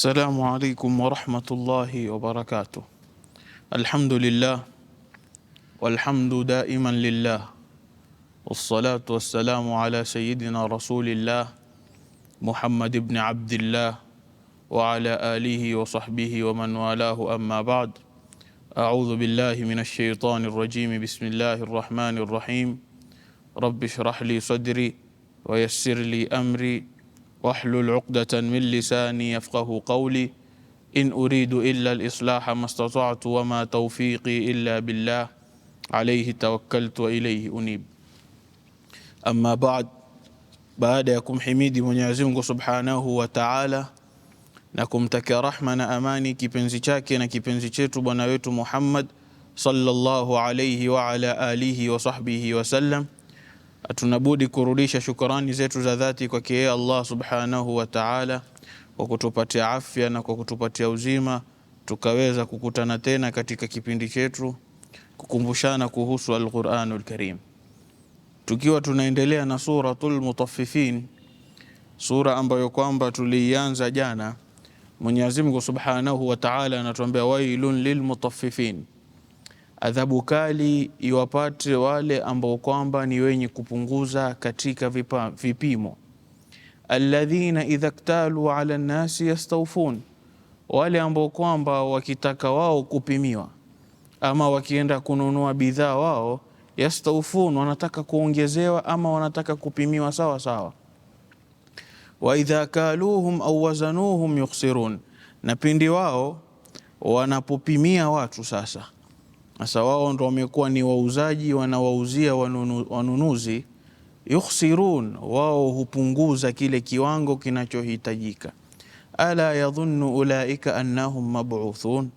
السلام عليكم ورحمة الله وبركاته الحمد لله والحمد دائما لله والصلاة والسلام على سيدنا رسول الله محمد بن عبد الله وعلى آله وصحبه ومن والاه أما بعد أعوذ بالله من الشيطان الرجيم بسم الله الرحمن الرحيم رب اشرح لي صدري ويسر لي أمري واحلل عقدة من لساني يفقه قولي إن أريد إلا الإصلاح ما استطعت وما توفيقي إلا بالله عليه توكلت وإليه أنيب أما بعد بعد يكم حميد من يعزمك سبحانه وتعالى نكم تك رحمة أماني كي بنزيشاك نكي بنزيشيت محمد صلى الله عليه وعلى آله وصحبه وسلم hatunabudi kurudisha shukrani zetu za dhati kwake yeye Allah subhanahu wa ta'ala, kwa kutupatia afya na kwa kutupatia uzima tukaweza kukutana tena katika kipindi chetu kukumbushana kuhusu al lkarim tukiwa tunaendelea na Suratul Mutaffifin, sura ambayo kwamba tuliianza jana. Mwenyezi Mungu subhanahu wa ta'ala anatuambia wailun lilmutaffifin adhabu kali iwapate wale ambao kwamba ni wenye kupunguza katika vipa, vipimo. Alladhina idha ktalu ala nnasi yastawfun, wale ambao kwamba wakitaka wao kupimiwa ama wakienda kununua bidhaa wao, yastawfun, wanataka kuongezewa ama wanataka kupimiwa sawa sawa. Wa idha kaluhum au wazanuhum yukhsirun, na pindi wao wanapopimia watu sasa sasa wao ndo wamekuwa ni wauzaji, wanawauzia wanunu, wanunuzi yukhsirun, wao hupunguza kile kiwango kinachohitajika. Ala yadhunnu ulaika annahum mabuthun,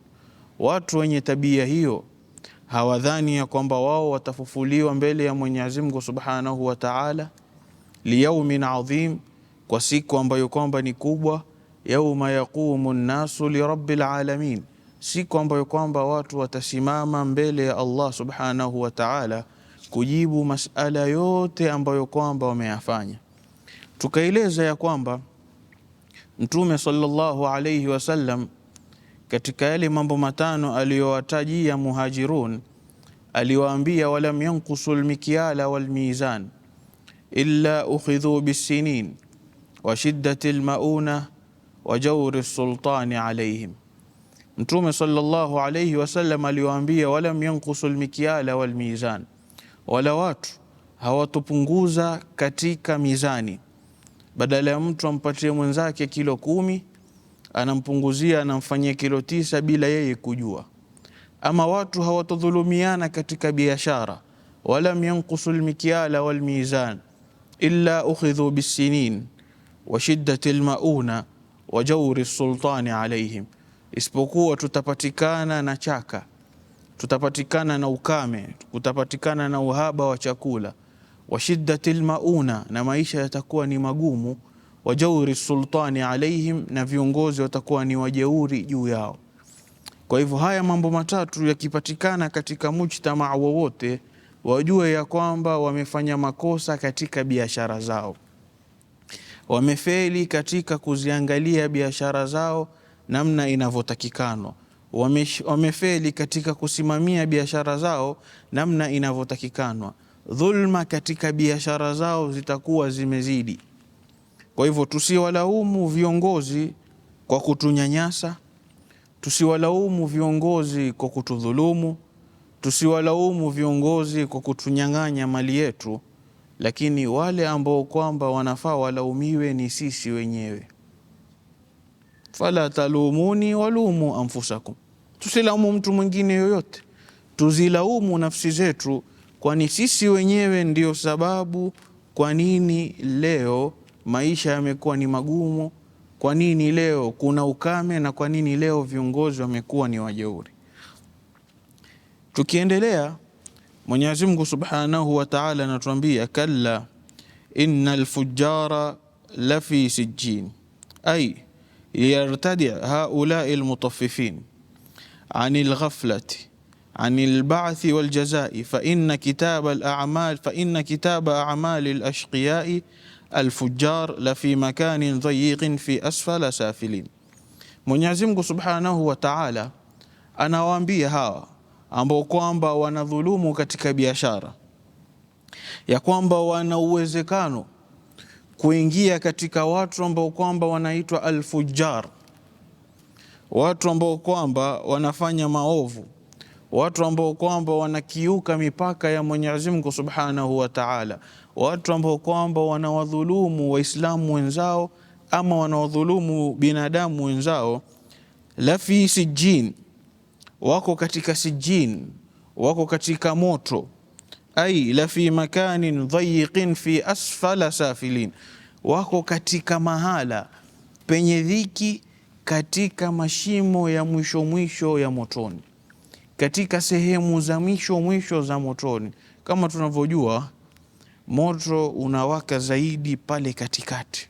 watu wenye tabia hiyo hawadhani ya kwamba wao watafufuliwa mbele ya Mwenyezi Mungu Subhanahu wa Ta'ala, liyaumin adhim, kwa siku ambayo kwamba ni kubwa, yauma yaqumu nasu lirabbil alamin siku ambayo kwamba watu watasimama mbele ya Allah subhanahu wa ta'ala kujibu masala yote ambayo kwamba wameyafanya. Tukaeleza ya kwamba Mtume sallallahu alayhi wasallam katika yale mambo matano aliyowatajia Muhajirun aliwaambia, walam yanqusu lmikyala walmizan illa ukhidhu bisinin wa shiddati lmauna wa jawri lsultani alayhim Mtume sallallahu alayhi wasallam aliwaambia, walam yankusu lmikyala walmizan, wala watu hawatopunguza katika mizani. Badala ya mtu ampatie mwenzake kilo kumi anampunguzia anamfanyia kilo tisa bila yeye kujua. Ama watu hawatodhulumiana katika biashara, walam yankusu lmikyala walmizan illa ukhidhu bissinin wa shiddati lmauna wa jauri lsultani alaihim isipokuwa tutapatikana na chaka, tutapatikana na ukame, kutapatikana na uhaba wa chakula, wa shiddati mauna, na maisha yatakuwa ni magumu, wa jauri sultani alaihim, na viongozi watakuwa ni wajeuri juu yao. Kwa hivyo haya mambo matatu yakipatikana katika mujtama wowote, wajue ya kwamba wamefanya makosa katika biashara zao, wamefeli katika kuziangalia biashara zao namna inavyotakikanwa, wamefeli katika kusimamia biashara zao namna inavyotakikanwa, dhulma katika biashara zao zitakuwa zimezidi. Kwa hivyo tusiwalaumu viongozi kwa kutunyanyasa, tusiwalaumu viongozi kwa kutudhulumu, tusiwalaumu viongozi kwa kutunyang'anya mali yetu, lakini wale ambao kwamba wanafaa walaumiwe ni sisi wenyewe fala talumuni walumu anfusakum, tusilaumu mtu mwingine yoyote, tuzilaumu nafsi zetu, kwani sisi wenyewe ndio sababu kwa nini leo maisha yamekuwa ni magumu, kwa nini leo kuna ukame, na kwa nini leo viongozi wamekuwa ni wajeuri. Tukiendelea, Mwenyezi Mungu Subhanahu wa Ta'ala anatuambia kalla innal fujjara lafi sijjin ai yartadia haulai lmutaffifin an lghaflati an lbathi waljazai faina kitaba amali lashqiyai alfujar lafi makanin dhayiqin fi asfala safilin, Mwenyezi Mungu subhanahu wa taala anawaambia hawa ambao kwamba wanadhulumu katika biashara ya kwamba wana uwezekano kuingia katika watu ambao kwamba wanaitwa alfujar, watu ambao kwamba wanafanya maovu, watu ambao kwamba wanakiuka mipaka ya Mwenyezi Mungu Subhanahu wa Ta'ala, watu ambao kwamba wanawadhulumu Waislamu wenzao ama wanaodhulumu binadamu wenzao. la fi sijin, wako katika sijin, wako katika moto ai la fi makanin dhayiqin fi asfala safilin, wako katika mahala penye dhiki, katika mashimo ya mwisho mwisho ya motoni, katika sehemu za mwisho mwisho za motoni. Kama tunavyojua moto unawaka zaidi pale katikati,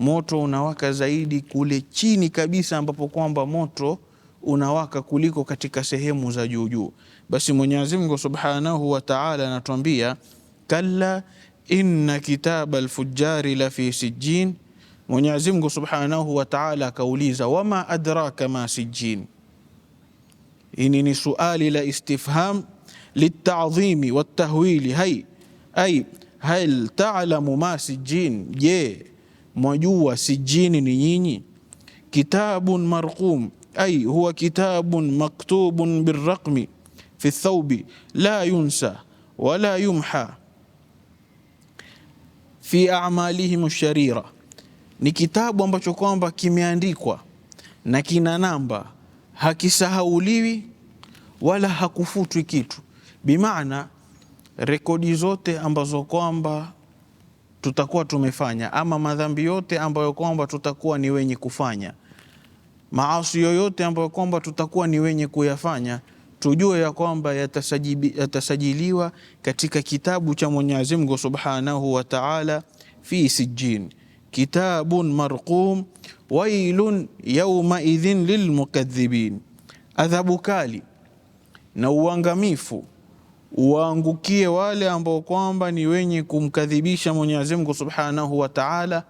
moto unawaka zaidi kule chini kabisa, ambapo kwamba moto unawaka kuliko katika sehemu za juu juu. Basi Mwenyezi Mungu Subhanahu wa Ta'ala anatuambia kalla inna kitaba alfujari la fi sijjin. Mwenyezi Mungu Subhanahu wa Ta'ala akauliza wama adraka ma sijjin. Hili ni suali la istifham litadhimi watahwili, hai ai hal talamu ma sijjin, je, mwajua sijjini ni nyinyi? Kitabun marqum ay huwa kitabun maktubun birraqmi fi thawbi la yunsa wala yumha fi amalihim sharira, ni kitabu ambacho kwamba kimeandikwa na kina namba, hakisahauliwi wala hakufutwi kitu. Bimaana rekodi zote ambazo kwamba tutakuwa tumefanya ama madhambi yote ambayo kwamba tutakuwa ni wenye kufanya maasi yoyote ambayo kwamba tutakuwa ni wenye kuyafanya tujue ya kwamba yatasajiliwa katika kitabu cha Mwenyezi Mungu Subhanahu wa Ta'ala, fi sijjin kitabun marqum wailun yawma idhin lilmukadhibin, adhabu kali na uangamifu uwaangukie wale ambao kwamba ni wenye kumkadhibisha Mwenyezi Mungu Subhanahu wa Ta'ala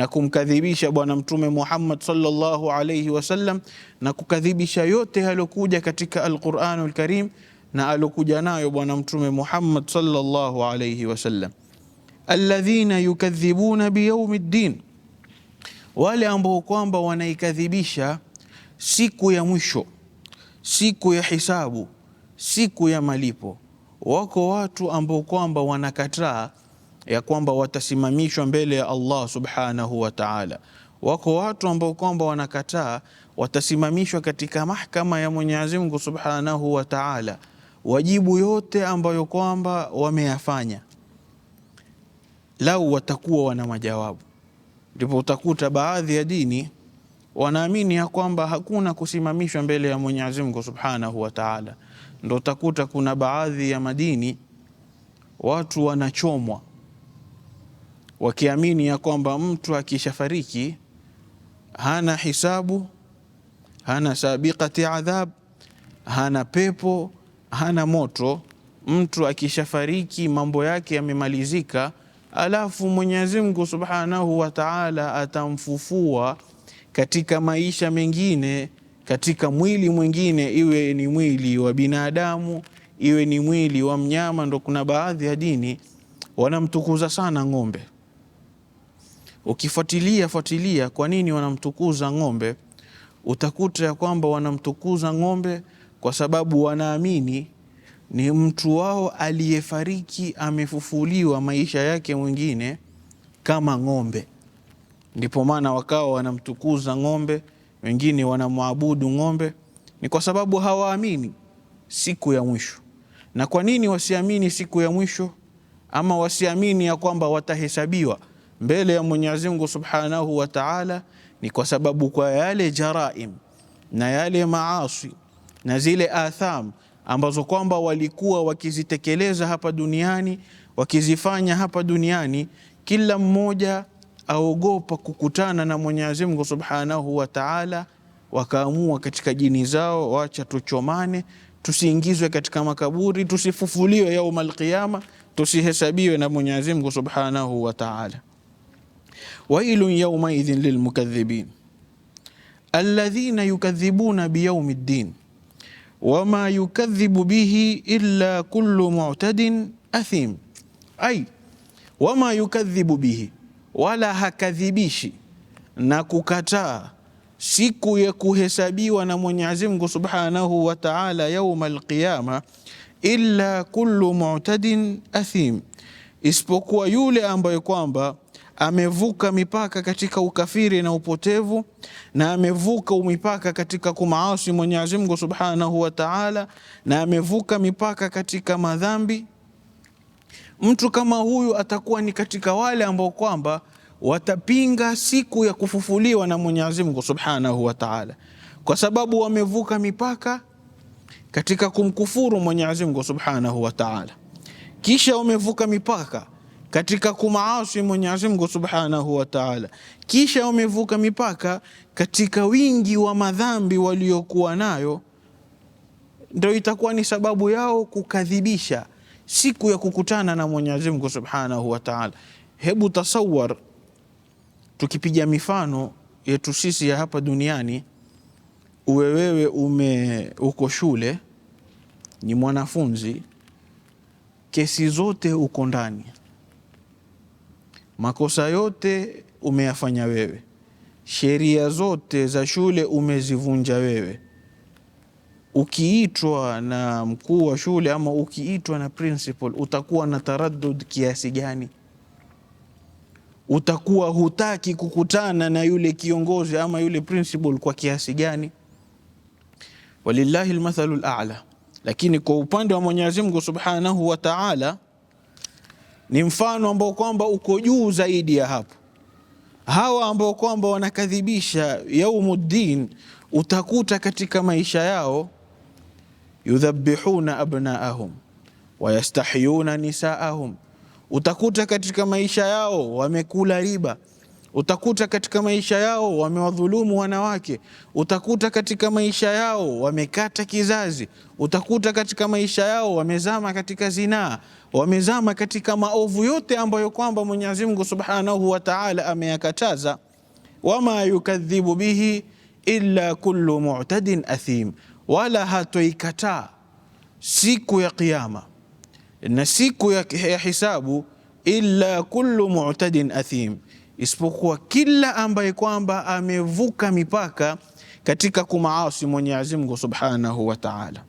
na kumkadhibisha Bwana Mtume Muhammad sallallahu alayhi wasallam na kukadhibisha yote aliyokuja katika Alquranul Karim na aliokuja nayo Bwana Mtume Muhammad sallallahu alayhi wasallam. Alladhina yukadhibuna biyaumi ddin, wale ambao kwamba wanaikadhibisha siku ya mwisho, siku ya hisabu, siku ya malipo. Wako watu ambao kwamba wanakataa ya kwamba watasimamishwa mbele ya Allah subhanahu wa ta'ala. Wako watu ambao kwamba wanakataa, watasimamishwa katika mahkama ya Mwenyezi Mungu subhanahu wa ta'ala, wajibu yote ambayo kwamba wameyafanya, lau watakuwa wana majawabu. Ndipo utakuta baadhi ya dini wanaamini ya kwamba hakuna kusimamishwa mbele ya Mwenyezi Mungu subhanahu wa ta'ala. Ndo utakuta kuna baadhi ya madini watu wanachomwa wakiamini ya kwamba mtu akishafariki hana hisabu, hana sabiqati adhab, hana pepo, hana moto. Mtu akishafariki mambo yake yamemalizika, alafu Mwenyezi Mungu Subhanahu wa Ta'ala atamfufua katika maisha mengine, katika mwili mwingine, iwe ni mwili wa binadamu, iwe ni mwili wa mnyama. Ndo kuna baadhi ya dini wanamtukuza sana ng'ombe Ukifuatilia fuatilia kwa nini wanamtukuza ng'ombe, utakuta ya kwamba wanamtukuza ng'ombe kwa sababu wanaamini ni mtu wao aliyefariki amefufuliwa maisha yake mwingine kama ng'ombe. Ndipo maana wakawa wanamtukuza ng'ombe, wengine wanamwabudu ng'ombe, ni kwa sababu hawaamini siku ya mwisho. Na kwa nini wasiamini siku ya mwisho ama wasiamini ya kwamba watahesabiwa? mbele ya Mwenyezi Mungu Subhanahu wa Ta'ala ni kwa sababu kwa yale jaraim na yale maasi na zile atham ambazo kwamba walikuwa wakizitekeleza hapa duniani wakizifanya hapa duniani, kila mmoja aogopa kukutana na Mwenyezi Mungu Subhanahu wa Ta'ala, wakaamua katika jini zao, wacha tuchomane, tusiingizwe katika makaburi, tusifufuliwe yaumal qiyama, tusihesabiwe na Mwenyezi Mungu Subhanahu wa Ta'ala wailun yaumaidhin lilmukadhibin alladhina yukadhibuna biyaumi ddin wama yukadhibu bihi illa kullu mu'tadin athim, ai wama yukadhibu bihi, wala hakadhibishi na kukataa siku ya kuhesabiwa na Mwenyezi Mungu Subhanahu wa Ta'ala, yauma alqiyama, illa kullu mu'tadin athim, isipokuwa yule ambaye kwamba amevuka mipaka katika ukafiri na upotevu, na amevuka mipaka katika kumaasi Mwenyezi Mungu Subhanahu wa Ta'ala, na amevuka mipaka katika madhambi. Mtu kama huyu atakuwa ni katika wale ambao kwamba watapinga siku ya kufufuliwa na Mwenyezi Mungu Subhanahu wa Ta'ala, kwa sababu wamevuka mipaka katika kumkufuru Mwenyezi Mungu Subhanahu wa Ta'ala, kisha wamevuka mipaka katika kumaasi Mwenyezi Mungu Subhanahu wa Ta'ala, kisha wamevuka mipaka katika wingi wa madhambi waliokuwa nayo, ndio itakuwa ni sababu yao kukadhibisha siku ya kukutana na Mwenyezi Mungu Subhanahu wa Ta'ala. Hebu tasawar, tukipiga mifano yetu sisi ya hapa duniani, uwe wewe ume uko shule, ni mwanafunzi, kesi zote uko ndani makosa yote umeyafanya wewe, sheria zote za shule umezivunja wewe. Ukiitwa na mkuu wa shule ama ukiitwa na principal, utakuwa na taraddud kiasi gani? Utakuwa hutaki kukutana na yule kiongozi ama yule principal kwa kiasi gani? Walillahi lmathalu lala. Lakini kwa upande wa Mwenyezi Mungu subhanahu wa taala ni mfano ambao kwamba uko juu zaidi ya hapo. Hawa ambao kwamba wanakadhibisha yaumuddin, utakuta katika maisha yao yudhabihuna abnaahum wayastahiyuna nisaahum, utakuta katika maisha yao wamekula riba, utakuta katika maisha yao wamewadhulumu wanawake, utakuta katika maisha yao wamekata kizazi, utakuta katika maisha yao wamezama katika zinaa wamezama katika maovu yote ambayo kwamba Mwenyezi Mungu Subhanahu wa Ta'ala ameyakataza. Wama yukadhibu bihi illa kullu mu'tadin athim, wala hatoikataa siku ya Kiyama na siku ya, hisabu illa kullu mu'tadin athim, isipokuwa kila ambaye kwamba amevuka mipaka katika kumaasi Mwenyezi Mungu Subhanahu wa Ta'ala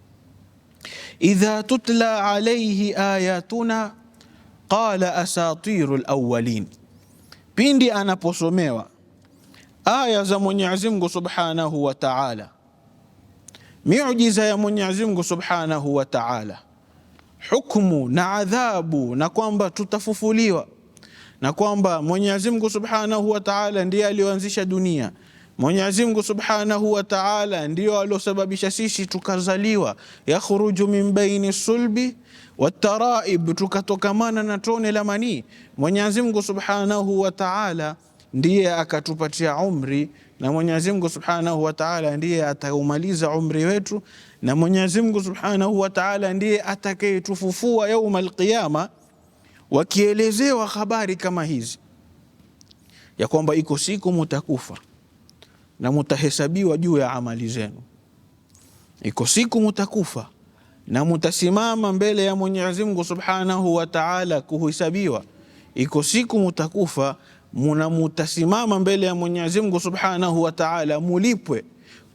idha tutla alaihi ayatuna qala asatiru lawalin, pindi anaposomewa aya za Mwenyezi Mungu subhanahu wa taala, miujiza ya Mwenyezi Mungu subhanahu wa taala, hukmu na adhabu, na kwamba tutafufuliwa, na kwamba Mwenyezi Mungu subhanahu wa taala ndiye aliyoanzisha dunia Mwenyezi Mungu Subhanahu wa Ta'ala ndiyo aliosababisha sisi tukazaliwa, yakhruju min baini sulbi wataraib, tukatokamana na tone la manii. Mwenyezi Mungu Subhanahu wa Ta'ala ndiye akatupatia umri na Mwenyezi Mungu Subhanahu wa Ta'ala ndiye ataumaliza umri wetu, na Mwenyezi Mungu Subhanahu wa Ta'ala ndiye atakayetufufua yaumul qiyama. Wakielezewa habari kama hizi ya kwamba iko siku mutakufa na mutahesabiwa juu ya amali zenu. Iko siku mutakufa na mutasimama mbele ya Mwenyezi Mungu Subhanahu wa Ta'ala kuhesabiwa. Iko siku mutakufa muna mutasimama mbele ya Mwenyezi Mungu Subhanahu wa Ta'ala mulipwe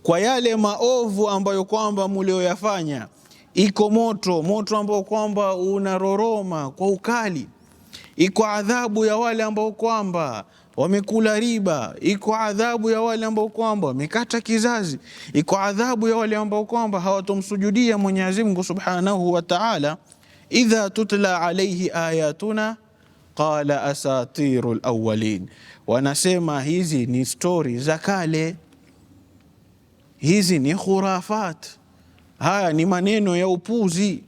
kwa yale maovu ambayo kwamba mulioyafanya. Iko moto, moto ambao kwamba unaroroma kwa ukali. Iko adhabu ya wale ambao kwamba wamekula riba, iko adhabu ya wale ambao kwamba wamekata kizazi, iko adhabu ya wale ambao kwamba hawatomsujudia Mwenyezi Mungu Subhanahu wa Ta'ala. Idha tutla alayhi ayatuna qala asatirul awwalin, wanasema hizi ni stori za kale, hizi ni khurafat, haya ni maneno ya upuzi,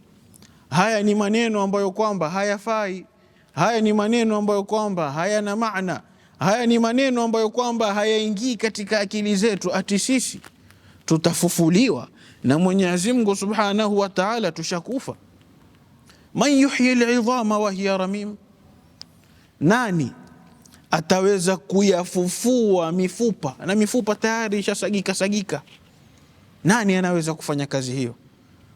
haya ni maneno ambayo kwamba hayafai, haya ni maneno ambayo kwamba hayana maana Haya ni maneno ambayo kwamba hayaingii katika akili zetu, ati sisi tutafufuliwa na Mwenyezi Mungu Subhanahu wa Ta'ala, tushakufa. Man yuhyi al'idhama wa hiya ramim, nani ataweza kuyafufua mifupa na mifupa tayari ishasagika sagika? Nani anaweza kufanya kazi hiyo?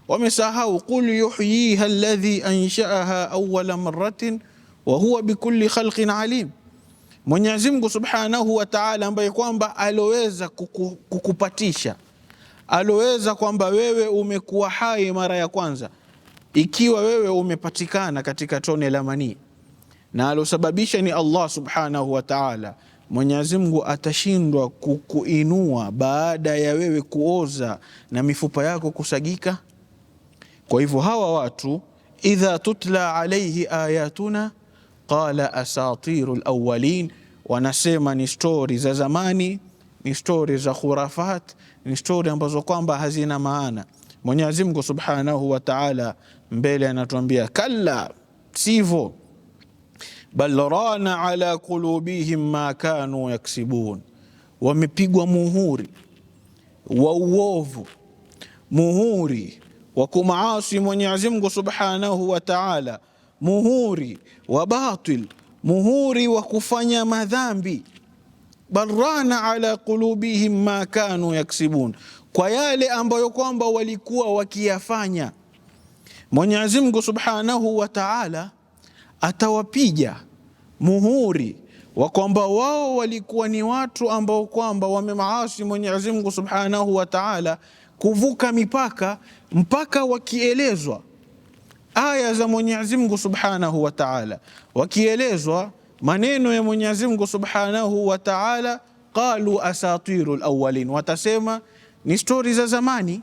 Wamesahau qul yuhyiha alladhi anshaaha awwala marratin wa huwa bikulli khalqin alim Mwenyezi Mungu Subhanahu wa Ta'ala, ambaye kwamba aloweza kuku, kukupatisha aloweza kwamba wewe umekuwa hai mara ya kwanza ikiwa wewe umepatikana katika tone la manii na alosababisha ni Allah Subhanahu wa Ta'ala. Mwenyezi Mungu atashindwa kukuinua baada ya wewe kuoza na mifupa yako kusagika? Kwa hivyo hawa watu idha tutla alaihi ayatuna qala asatiru lawalin, wanasema ni stori za zamani, ni stori za khurafat, ni stori ambazo kwamba hazina maana. Mwenyezi Mungu subhanahu wa taala mbele anatuambia kalla, sivyo bal rana ala qulubihim ma kanu yaksibun, wamepigwa muhuri wa uovu, muhuri wa kumaasi Mwenyezi Mungu subhanahu wa taala muhuri wa batil, muhuri wa kufanya madhambi. Barana ala qulubihim ma kanu yaksibun, kwa yale ambayo kwamba walikuwa wakiyafanya. Mwenyezi Mungu Subhanahu wa Ta'ala atawapiga muhuri wa kwamba wao walikuwa ni watu ambao kwamba wamemaasi Mwenyezi Mungu Subhanahu wa Ta'ala kuvuka mipaka mpaka wakielezwa aya za Mwenyezi Mungu Subhanahu wa Ta'ala, wakielezwa maneno ya Mwenyezi Mungu Subhanahu wa Ta'ala, qalu asatirul awwalin, watasema ni stori za zamani,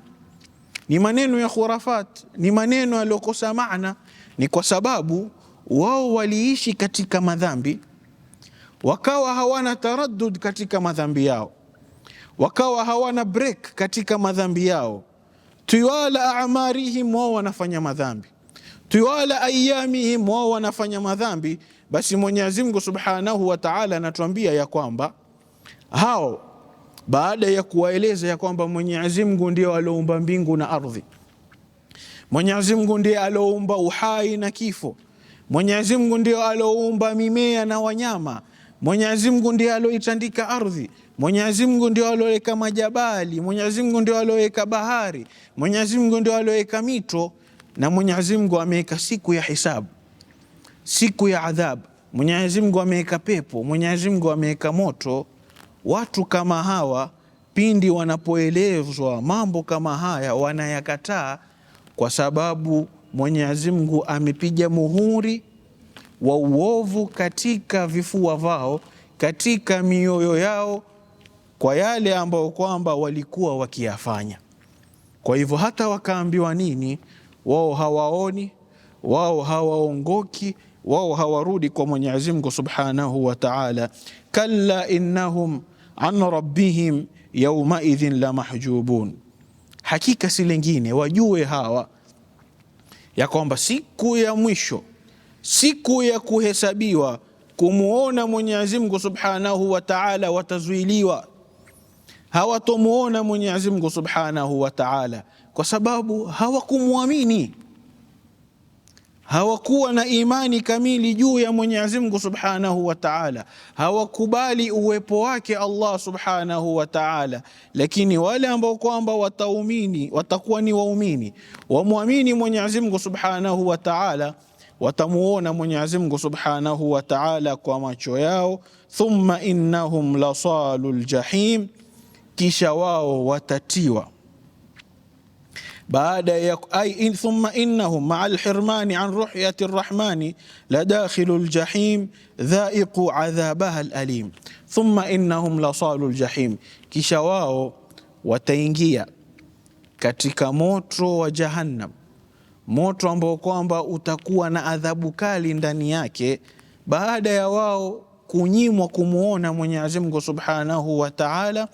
ni maneno ya khurafat, ni maneno yaliyokosa maana. Ni kwa sababu wao waliishi katika madhambi, wakawa hawana taraddud katika madhambi yao, wakawa hawana break katika madhambi yao, tiwala amarihim, wao wanafanya madhambi tiwala ayamihim, wao wanafanya madhambi. Basi Mwenyezi Mungu Subhanahu wa Ta'ala anatuambia ya kwamba hao baada ya kuwaeleza ya kwamba Mwenyezi Mungu ndiye alioumba mbingu na ardhi, Mwenyezi Mungu ndiye alioumba uhai na kifo, Mwenyezi Mungu ndiye alioumba mimea na wanyama, Mwenyezi Mungu ndiye alioitandika ardhi, Mwenyezi Mungu ndio alioweka majabali, Mwenyezi Mungu ndio alioweka bahari, Mwenyezi Mungu ndio alioweka mito na Mwenyezi Mungu ameweka siku ya hisabu, siku ya adhab Mwenyezi Mungu ameweka pepo, Mwenyezi Mungu ameweka moto. Watu kama hawa pindi wanapoelezwa mambo kama haya wanayakataa, kwa sababu Mwenyezi Mungu amepiga muhuri wa uovu katika vifua vao, katika mioyo yao, kwa yale ambayo kwamba walikuwa wakiyafanya. Kwa hivyo hata wakaambiwa nini wao hawaoni, wao hawaongoki, wao hawarudi kwa Mwenyezi Mungu Subhanahu wa Ta'ala. Kalla innahum an rabbihim yaumaidhin la mahjubun, hakika si lingine wajue hawa ya kwamba siku ya mwisho, siku ya kuhesabiwa, kumwona Mwenyezi Mungu Subhanahu wa Ta'ala, watazuiliwa, hawatomuona Mwenyezi Mungu Subhanahu wa Ta'ala kwa sababu hawakumwamini, hawakuwa na imani kamili juu ya Mwenyezi Mungu Subhanahu wa Ta'ala, hawakubali uwepo wake Allah Subhanahu wa Ta'ala. Lakini wale ambao kwamba wataumini, watakuwa ni waumini, wamwamini Mwenyezi Mungu Subhanahu wa Ta'ala, watamuona Mwenyezi Mungu Subhanahu wa Ta'ala kwa macho yao. Thumma innahum lasalul jahim, kisha wao watatiwa baada ya ay thumma innahum maa alhirmani an ruhyati rrahmani ladakhilu ljahim dhaiqu adhabaha lalim thumma innahum lasalu ljahim, kisha wao wataingia katika moto wa Jahannam, moto ambao kwamba utakuwa na adhabu kali ndani yake, baada ya wao kunyimwa kumwona Mwenyezi Mungu subhanahu wa taala,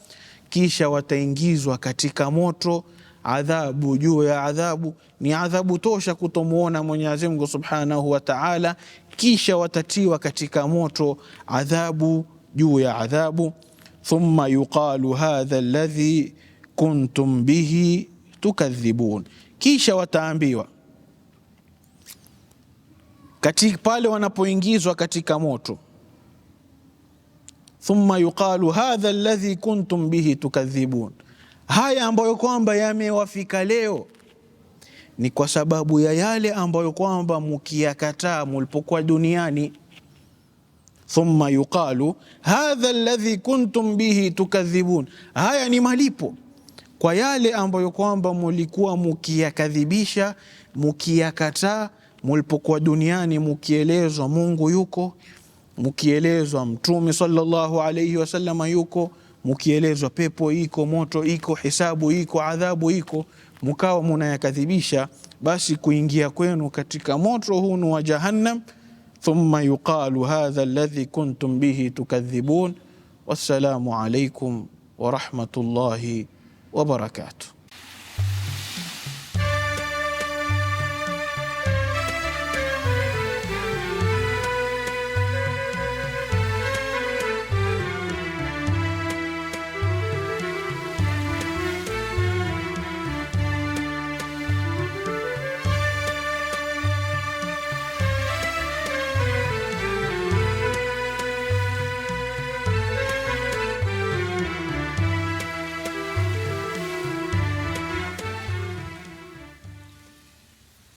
kisha wataingizwa katika moto adhabu juu ya adhabu, ni adhabu tosha kutomwona Mwenyezi Mungu Subhanahu wa Ta'ala, kisha watatiwa katika moto adhabu juu ya adhabu. Thumma yuqalu hadha alladhi kuntum bihi tukadhibun, kisha wataambiwa kati pale wanapoingizwa katika moto thumma yuqalu hadha alladhi kuntum bihi tukadhibun haya ambayo kwamba yamewafika leo ni kwa sababu ya yale ambayo kwamba mukiyakataa mulipokuwa duniani. Thumma yuqalu hadha alladhi kuntum bihi tukadhibun, haya ni malipo kwa yale ambayo kwamba mulikuwa mukiyakadhibisha, mukiyakataa mulipokuwa duniani, mukielezwa Mungu yuko, mukielezwa Mtume sallallahu alayhi wasallam yuko mukielezwa pepo iko, moto iko, hisabu iko, adhabu iko, mukawa munayakadhibisha, basi kuingia kwenu katika moto hunu wa Jahannam, thumma yuqalu hadha alladhi kuntum bihi tukadhibun. Wassalamu alaikum warahmatullahi wabarakatuh.